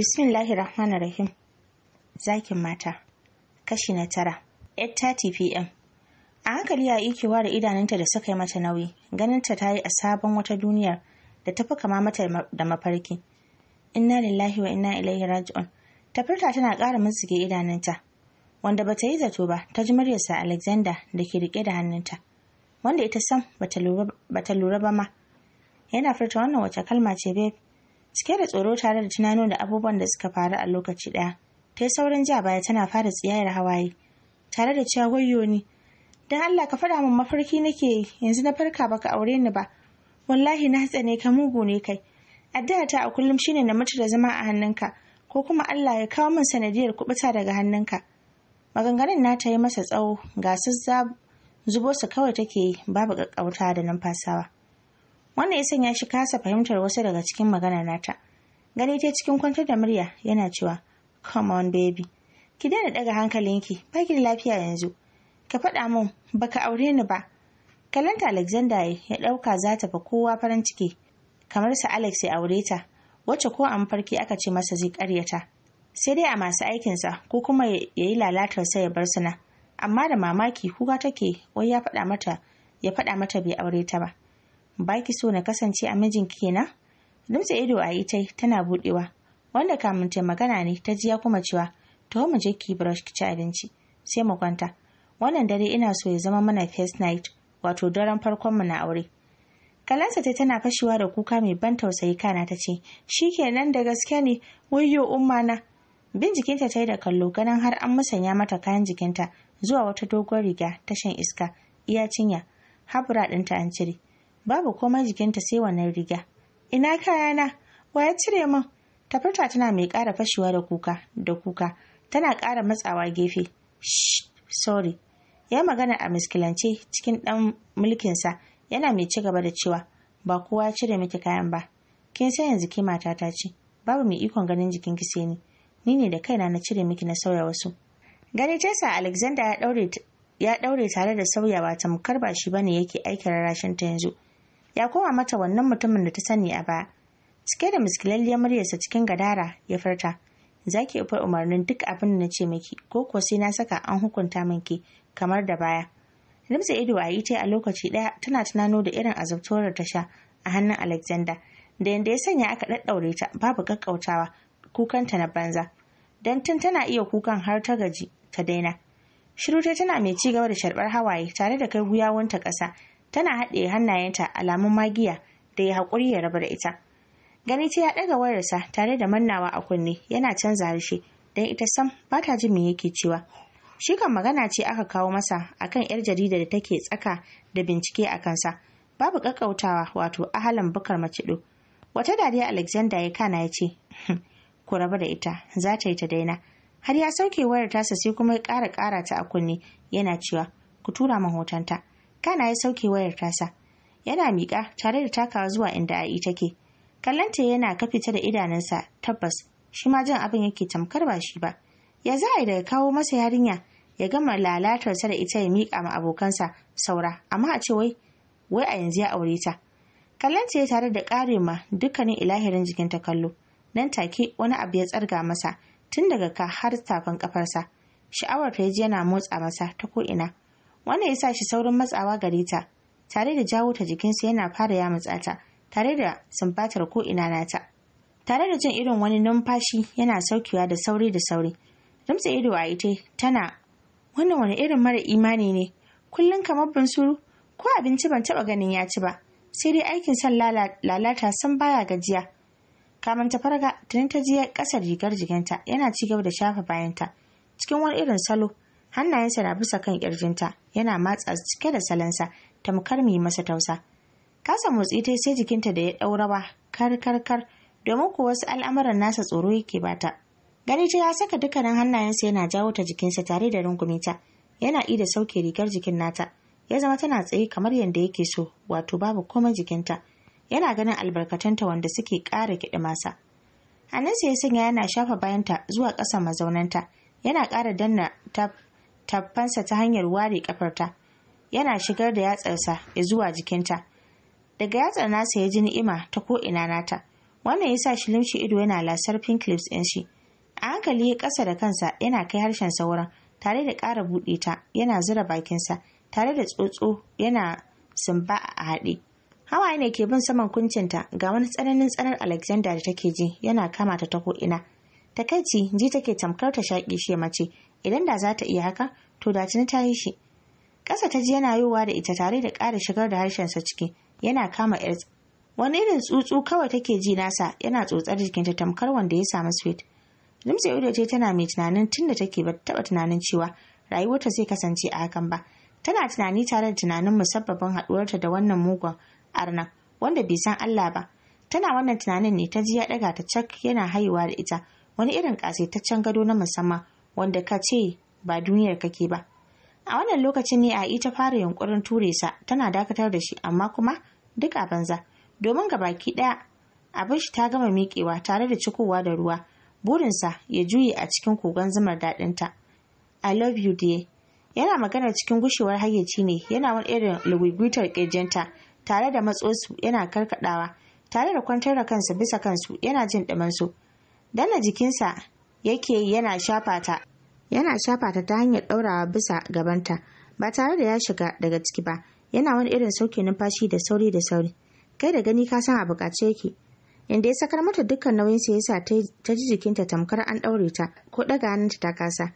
Bismillahir Rahmanir Rahim. Zakin mata. Kashi na tara. 8:30 PM. A hankali ya ikewa da idanunta da suka yi mata nauyi, ganinta ta yi a sabon wata duniyar da ta fi kama mata da mafarki. Inna lillahi wa inna ilaihi raji'un. Ta furta tana ƙara mutsige idanunta. Wanda bata yi zato ba, ta ji muryarsa Alexander da ke riƙe da hannunta. Wanda ita sam bata lura ba ma. Yana furta wannan wace kalma ce babe cike da tsoro tare da tunanin da abubuwan da suka faru a lokaci ɗaya ta yi saurin ja baya tana fara tsiyayar hawaye tare da cewa wayyo ni don allah ka faɗa min mafarki nake yi yanzu na farka baka aure ni ba wallahi na tsane ka mugu ne kai addu'a ta a kullum shine na mutu da zama a hannunka ko kuma allah ya kawo min sanadiyar kubuta daga hannunka maganganun na ta yi masa tsawo ga sassa zubo su kawai take yi babu ƙaƙƙauta da numfasawa wannan ya sanya shi kasa fahimtar wasu daga cikin maganar nata gani ta cikin kwantar da murya yana cewa come on baby ki daina daga hankalinki ba ki da lafiya yanzu ka faɗa min baka aure ni ba kalanta alexander ya ɗauka za ta fa kowa farin ciki kamar sa alex ya aure ta wacce ko a mafarki aka ce masa zai karyata sai dai a masu aikinsa ko kuma ya yi lalatar sai ya bar suna amma da mamaki kuka take wai ya faɗa ya faɗa mata bai aure ta ba baki so na kasance a mijin kenan lumtsa ido a ita tana budewa wanda kamun ta magana ne ta ji ya kuma cewa to mu je ki brush ki ci abinci sai mu kwanta wannan dare ina so ya zama mana first night wato daren farkon mu na aure kalansa ta tana fashewa da kuka mai ban tausayi kana ta ce shikenan da gaske ne wayyo umma na bin jikinta ta yi da kallo ganin har an musanya mata kayan jikinta zuwa wata doguwar riga ta iska iya cinya habura ɗinta an cire babu komai jikinta sai wannan riga ina kayana wa ya cire min tafarta tana mai ƙara fashewa da kuka da kuka tana ƙara matsawa gefe sorry ya magana a miskilance cikin ɗan sa. yana mai ci gaba da cewa ba kowa ya cire miki kayan ba kin san yanzu mata matata ce babu mai ikon ganin jikin ki sai ni ni ne da kaina na cire miki na sauya wasu gani tesa alexander ya daure ya daure tare da sauyawa tamkar ba shi bane yake aikin rarashin ta yanzu ya koma mata wannan mutumin da ta sani a baya cike da miskilalliyar muryarsa cikin gadara ya furta za ki fi umarnin duk abin da na ce miki ko kuwa sai na saka an hukunta minki kamar da baya rimsa ido a ita a lokaci ɗaya tana tunano da irin azabtuwar ta sha a hannun alexander da yadda ya sanya aka ɗaɗɗaure ta babu kakkautawa kukanta na banza don tun tana iya kukan har ta gaji ta daina shiru tana mai ci gaba da sharɓar hawaye tare da kai guyawunta ƙasa tana haɗe hannayenta alamun magiya da ya haƙuri ya rabar da ita gani ta ya ɗaga wayarsa tare da mannawa a kunne yana canza harshe don ita sam ba ta jin me yake cewa shi kan magana ce aka kawo masa akan yar jarida da take tsaka da bincike a kansa babu ƙaƙƙautawa wato ahalan bukar ɗo. wata dariya alexander ya kana ya ce hm, ku rabu da ita za ta yi ta daina har ya sauke wayar tasa sai kuma ya ƙara ƙara ta a kunne yana cewa ku tura min hotonta kana ya sauke wayar tasa yana miƙa tare da takawa zuwa inda a'i take kallanta yana ka fita da idanunsa tabbas shi ma jan abin yake tamkar ba shi ba ya za a yi daga kawo masa yarinya ya gama lalatarsa da ita ya miƙa ma abokansa saura amma a ce wai wai a yanzu ya aure ta kallanta ya tare da ƙare ma dukkanin ilahirin jikinta kallo nan take wani abu ya tsarga masa tun daga ka har tafin ƙafarsa. sha'awar ta ji yana motsa masa ta ko'ina wanda ya sa shi saurin matsawa gare ta tare da jawo ta jikinsa yana fara ya matsata tare da sumbatar ko ina nata tare da jin irin wani numfashi yana saukewa da sauri da sauri rumtsa ido a ita tana wannan wani irin mara imani ne kullum kamar suru. ko abinci ban taba ganin ya ci ba sai dai aikin son lalata sun baya gajiya Kamar ta farga tuni ta ji ƙasar rigar jikinta yana cigaba da shafa bayanta cikin wani irin salo hannayensa na bisa kan kirjinta yana matsa cike da salansa tamkar mai masa tausa kasa motsi ta sai jikinta da ya ɗaurawa kar kar kar domin ko wasu al'amuran nasa tsoro yake bata gani ta ya saka dukkanin hannayensa yana jawo ta jikinsa tare da rungumita yana ida sauke rigar jikin nata ya zama tana tsaye kamar yadda yake so wato babu komai jikinta yana ganin albarkatunta wanda suke ƙara kiɗi masa hannunsa ya sanya yana shafa bayanta zuwa ƙasa mazaunanta yana ƙara danna ta. tabbansa ta hanyar ware kafarta yana shigar da yatsarsa ya zuwa jikinta daga yatsar nasa ya ji ni'ima ta ko ina nata wannan ya sa shi limshi ido yana lasar pink lips ɗin shi a hankali ya ƙasa da kansa yana kai harshen sauran tare da ƙara buɗe ta yana zura bakinsa tare da tsotso yana sumba a haɗe hawaye ne ke bin saman kuncinta ga wani tsananin tsanar alexander da take ji yana kama ta ko ko'ina takaici ji take tamkar ta shaƙe shi mace idan da za ta iya haka to da tuni ta yi shi ƙasa ta ji yana yowa da ita tare da ƙara shigar da harshen harshensa ciki yana kama yar wani irin tsutsu kawai take ji nasa yana tsotsar jikinta tamkar wanda ya samu sweet limsa yau ce tana mai tunanin tunda take ba taɓa tunanin cewa rayuwarta zai kasance a hakan ba tana tunani tare da tunanin musabbabin haɗuwarta da wannan mugun arna wanda bai san Allah ba tana wannan tunanin ne ta ji ya ɗaga ta cak yana haihuwa da ita wani irin ƙasaitaccen gado na musamman wanda ka ce ba duniyar kake ba a wannan lokacin ne a ita fara yunkurin ture sa tana dakatar da shi amma kuma duk a banza domin ga baki ɗaya abin shi ta gama miƙewa tare da cikowa da ruwa burinsa ya juye a cikin kogon zumar daɗinta i love you dear yana magana cikin gushewar hayyaci ne yana wani irin lugugwitar ƙirjinta tare da matsosu yana karkaɗawa tare da kwantar da kansa bisa kansu yana jin ɗumansu dana jikinsa yake yana shafa ta yana shafa ta ta hanyar ɗaurawa bisa gabanta ba tare da ya shiga daga ciki ba yana wani irin sauke numfashi da sauri da sauri kai da gani ka san a bukace yake inda ya sakar mata dukkan nauyin sa yasa ta ji jikinta tamkar an daure ta ko ɗaga hannunta ta kasa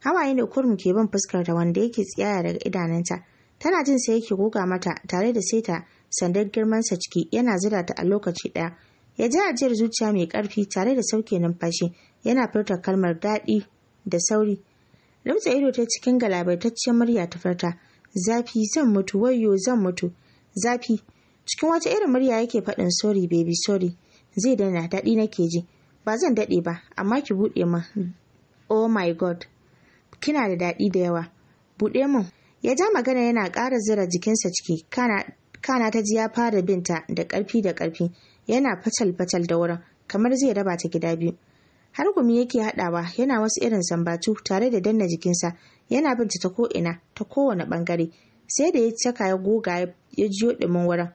hawaye ne kurum ke bin fuskar ta wanda yake tsiyaya daga idanunta tana jin sa yake goga mata tare da sai ta sandar girmansa ciki yana zira ta a lokaci ɗaya ya ji ajiyar zuciya mai karfi tare da sauke numfashi yana furta kalmar daɗi da sauri rimtsa ido ta cikin galabaitaccen murya ta furta zafi zan mutu wayo zan mutu zafi cikin wata irin murya yake faɗin sorry baby sorry zai daina daɗi nake ji ba zan daɗe ba amma ki buɗe min oh my god kina da daɗi da yawa buɗe min ya ja magana yana ƙara zira jikinsa ciki kana kana ta ji ya fara binta da ƙarfi da ƙarfi yana fatal fatal da wurin kamar zai raba ta gida biyu har gumi yake haɗawa yana wasu irin sambatu tare da danna jikinsa yana binta ta ko'ina ta kowane ɓangare sai da ya caka ya goga ya jiyo ɗumin wurin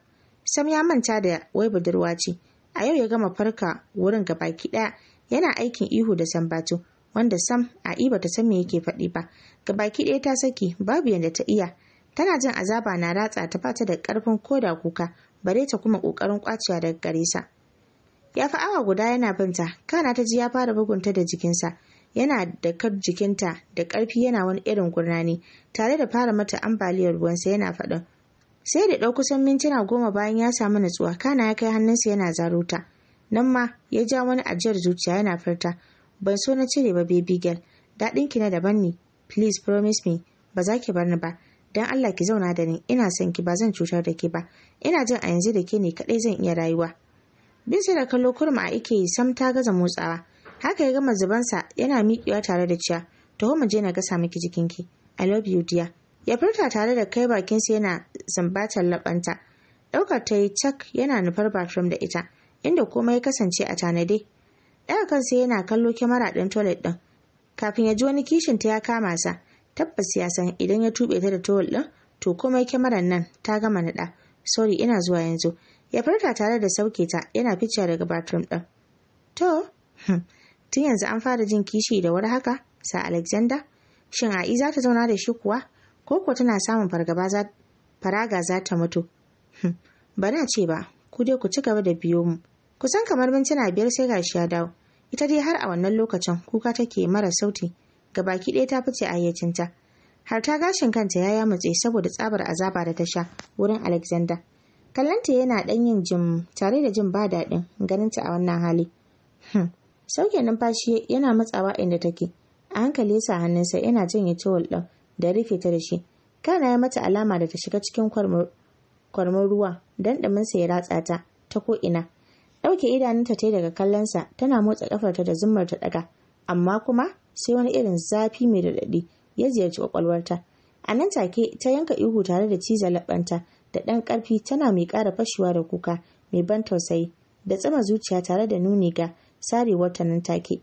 sam ya manta da wai budurwa ce a yau ya gama farka wurin gabaki ɗaya yana aikin ihu da sambatu wanda sam a iba ta san me yake faɗi ba gabaki ɗaya ta saki babu yadda ta iya tana jin azaba na ratsa ta bata da ƙarfin koda kuka bare ta kuma ƙoƙarin ƙwacewa daga gare sa ya fi awa guda yana binta kana ta ji ya fara bugunta da jikinsa yana da kar jikinta da karfi yana wani irin gurnani tare da fara mata ambaliyar ruwansa yana faɗin sai da ɗau kusan mintuna goma bayan ya samu natsuwa kana ya kai hannunsa yana zaro ta nan ma ya ja wani ajiyar zuciya yana furta ban so na cire ba baby girl daɗin ki na daban ne please promise me ba za ki bar ni ba dan Allah ki zauna da ni ina son ki ba zan cutar da ki ba ina jin a yanzu da ke ne kaɗai zan iya rayuwa binsa da kallo kurma ike yi sam ta gaza motsawa haka ya gama zubansa yana miƙewa tare da ciya taho mu je na gasa miki jikinki i love you dear ya furta tare da kai bakinsa yana zambatar labanta ɗaukar ta yi cak yana nufar bathroom da ita inda komai ya kasance a tanade kan kansa yana kallo kyamara ɗin toilet ɗin kafin ya ji wani kishin ta ya kama sa tabbas ya san idan ya tube ta da towel ɗin to komai kyamarar nan ta gama naɗa sorry ina zuwa yanzu ya farka tare da sauke ta yana fice daga bathroom ɗin. To, hmm, tun yanzu an fara jin kishi da wani haka, sa Alexander, shin A'i za ta zauna da shi kuwa, ko ko tana samun faraga za ta mutu. Hmm, ba na ce ba, ku dai ku ci gaba da biyo mu. Kusan kamar mintuna biyar sai gashi ya dawo. Ita dai har a wannan lokacin kuka take mara sauti, ga baki ɗaya ta fice ayyacinta. Har ta gashin kanta ya yamutse saboda tsabar azaba da ta sha wurin Alexander. kallanta yana ɗan yin jim tare da jin ba daɗin ganinta a wannan hali hmm, sauke numfashi yana matsawa inda take a hankali ya sa hannunsa yana janye towel ɗin da rufe ta da shi kana ya mata alama da ta shiga cikin kwarmar ruwa don ɗuminsa ya ratsa ta ta ko'ina ɗauke idanunta ta daga kallonsa tana motsa ƙafarta da zummar ta ɗaga amma kuma sai wani irin zafi mai daɗaɗi ya ziyarci kwakwalwarta. a nan take ta yanka ihu tare da ciza laɓanta da ɗan ƙarfi tana mai ƙara fashewa da kuka mai ban tausayi da tsama zuciya tare da nuni ga sarewar ta nan take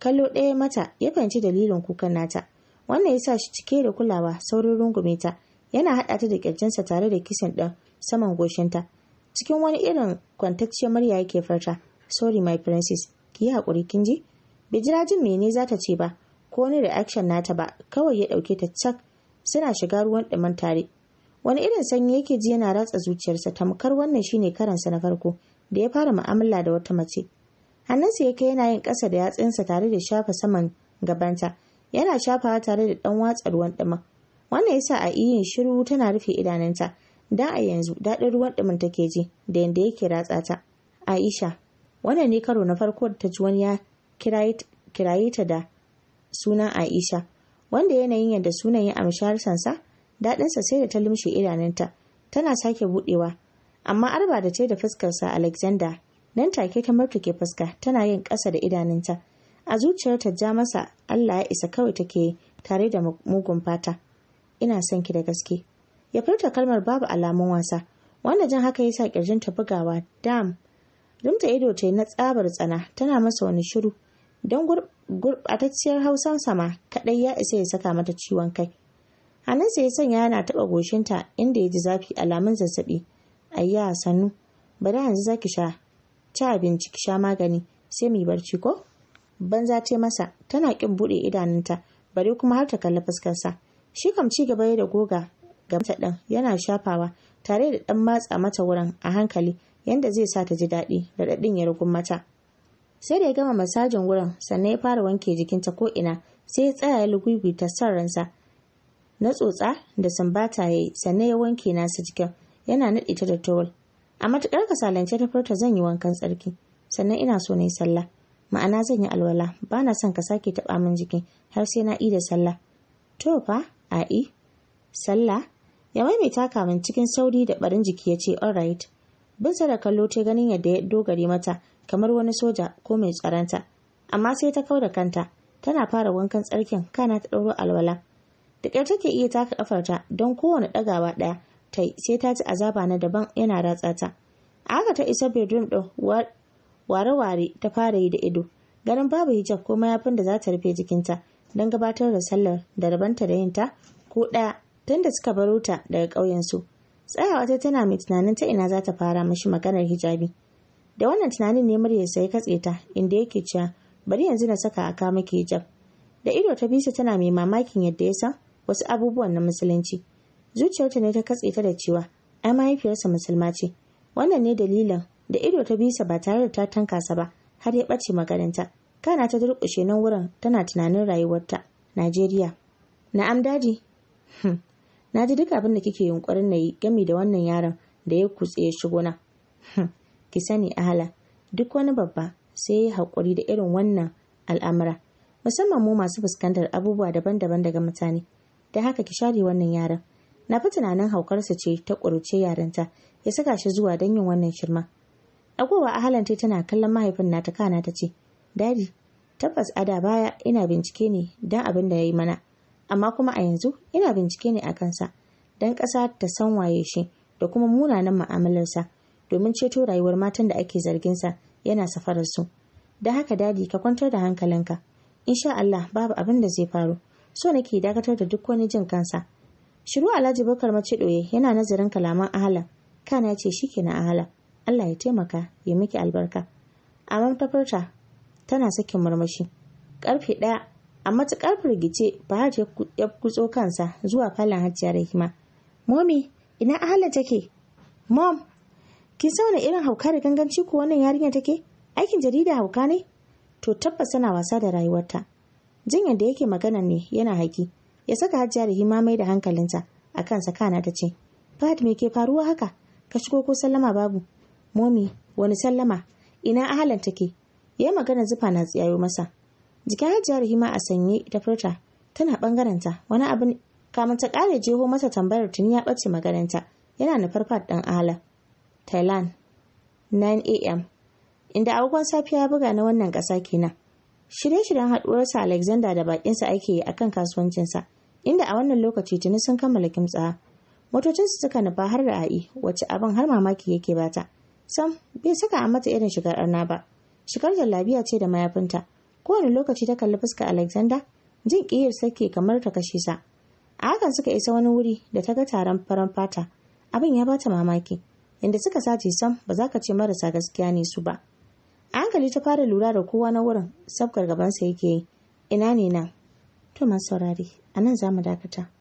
kallo ɗaya mata ya fahimci dalilin kukan nata wannan ya sa shi cike da kulawa saurin rungume ta yana haɗa ta da ƙirjinsa tare da kisan ɗan saman goshinta cikin wani irin kwantacciyar murya yake farta sorry my princess ki yi haƙuri kin ji bai jira jin mene za ta ce ba ko wani reaction nata ba kawai ya ɗauke ta cak suna shiga ruwan ɗumin tare wani irin sanyi yake ji yana ratsa zuciyarsa tamkar wannan shine karansa na farko da ya fara mu'amala da wata mace hannunsa ya kai yana yin ƙasa da yatsunsa tare da shafa saman gabanta yana shafawa tare da ɗan watsa ruwan ɗumin wannan yasa a iyin shiru tana rufe idanunta da a yanzu daɗin ruwan ɗumin take ji da yanda yake ratsa ta aisha wannan ne karo na farko da ta ji wani ya kiraye ta da sunan aisha wanda yanayin yadda sunan ya amshi harsansa daɗinsa sai da ta lumshe idanunta tana sake buɗewa amma arba da ce da fuskarsa alexander nan take ta murtuke fuska tana yin ƙasa da idanunta a zuciyarta ja masa allah ya isa kawai take tare da mugun fata ina son ki da gaske ya furta kalmar babu alamun wasa wanda jan haka ya yasa ƙirjinta bugawa dam rumta ido ta na tsabar tsana tana masa wani shiru don gurɓatacciyar hausan sama kaɗai, ya isa ya saka mata ciwon kai sai ya sanya yana taɓa goshinta inda ya ji zafi alamun zazzaɓi ayya sannu bari yanzu za ki sha ta abinci ki sha magani sai mu yi barci ko banza ce masa tana kin buɗe idanunta bari kuma har ta kalli fuskarsa shi kam ci gaba da goga ga mata yana shafawa tare da ɗan matsa mata wurin a hankali yanda zai sa ta ji daɗi da daɗin ya rugun mata sai da ya gama masajin wurin sannan ya fara wanke jikinta ko ina sai ya tsaya ya ta son ransa na tsotsa da sumbata ya yi sannan ya wanke nasu jikin yana naɗe ta da towel a matuƙar kasalance ta farta zan yi wankan tsarki sannan ina so na yi sallah ma'ana zan yi alwala ba na son ka sake taɓa min jiki har sai na yi da sallah to fa a yi sallah ya taka min cikin sauri da barin jiki ya ce all right bin da kallo ta ganin yadda ya dogare mata kamar wani soja ko mai tsaranta. amma sai ta kau da kanta tana fara wankan tsarkin kana ta ɗauro alwala da ƙyar take iya taka ƙafarta don kowane ɗagawa ɗaya ta yi sai ta ci azaba na daban yana ratsa ta haka ta isa bedroom ɗin ware-ware ta fara yi da ido ganin babu hijab ko mayafin da za ta rufe jikinta don gabatar da sallar da rabanta da yinta ko ɗaya tun da suka baro ta daga ƙauyensu tsayawa ta tana mai tunanin ta ina za ta fara mashi maganar hijabi da wannan tunanin ne muryar sai katse ta inda yake cewa bari yanzu na saka a kama hijab da ido ta bisa tana mai mamakin yadda ya san wasu abubuwan na musulunci zuciyarta ne ta katse ta da cewa ai mahaifiyarsa musulma ce wannan ne dalilin da ido ta bisa ba tare da ta tankasa ba har ya ɓace maganinta. kana ta durƙushe nan wurin tana tunanin rayuwarta najeriya na'am daji hmm. na ji duk abin da kike yunkurin na yi gami da wannan yaron da ya kutse ya shigo na hmm. ki sani ahala duk wani babba sai ya haƙuri da irin wannan al'amura musamman mu masu fuskantar abubuwa daban-daban daga mutane da haka ki share wannan yaran na fi tunanin haukarsa ce ta ƙuruce yaranta ya saka shi zuwa don yin wannan shirma agowa a halanta tana kallon mahaifin nata kana ta ce dadi tabbas a da baya ina bincike ne don abin da ya yi mana amma kuma a yanzu ina bincike ne a kansa don ƙasa ta san waye shi da kuma munanan ma'amalarsa, domin ceto rayuwar matan da ake zarginsa yana safararsu da haka dadi ka kwantar da hankalinka insha Allah babu abin da zai faru so nake dakatar da duk wani jin kansa shiru alhaji bakar mace yana nazarin kalaman ahala kana ya ce na ahala allah ya taimaka ya miki albarka amma ta furta tana sakin murmushi karfe ɗaya a matuƙar firgice bahar ya kutso kansa zuwa falon hajjiya da hima momi ina ahala take mom kin san wani irin hauka da ganganci ko wannan yarinya take aikin jarida hauka ne to tabbas tana wasa da rayuwarta jin yadda yake magana ne yana haki ya saka hajjiya Rahima mai da hankalinta a kansa kana ta ce Fahad me ke faruwa haka ka shigo ko sallama babu momi wani sallama ina ahalan take yayi magana zufa na tsiyayo masa jikin hajjiya Rahima a sanye ta furta tana bangaren wani abin kamun ta kare jeho masa tambayar tuni ya bace magananta yana na Fahad dan ala Thailand 9 am inda agogon safiya ya buga na wannan ƙasa kenan shirye-shiryen haɗuwarsa alexander da sa ake yi akan kasuwancinsa inda a wannan lokaci tuni sun kammala kimtsa motocinsu suka nufa har da a'i wacce abin har mamaki yake bata sam bai saka a mata irin shigar arna ba shigar jallabiya ce da mayafinta kowane lokaci ta kalli fuska alexander jin ƙiyar sake kamar ta kashe sa a hakan suka isa wani wuri da ta ga taron faran fata abin ya bata mamaki inda suka sace sam ba za ka ce marasa gaskiya ne su ba a hankali ta fara lura da kowa na wurin sabgar gabansa yake yi ina ne nan to masu saurari a nan za mu dakata